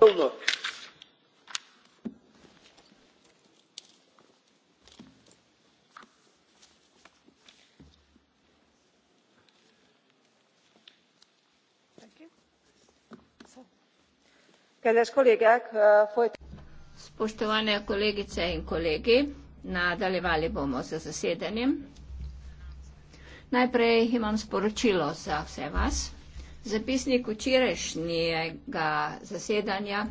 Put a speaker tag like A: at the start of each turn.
A: Eh,
B: Spoštovane kolegice in kolegi, nadaljevali bomo z zasedanjem. Najprej imam sporočilo za vse vas. Zapisnik včerajšnjega
C: zasedanja